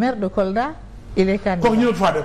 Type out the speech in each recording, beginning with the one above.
maire de Kolda il est candidat. kooku ñu doon faa dem.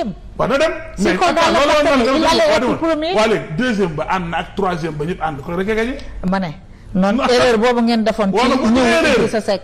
deuxième. waaw na dem mais loolu deuxième ba ànd na ak troisième ba ñëpp ànd ko rek a ma ne. noonu erreur boobu ngeen defoon. ci ñëw sa sec.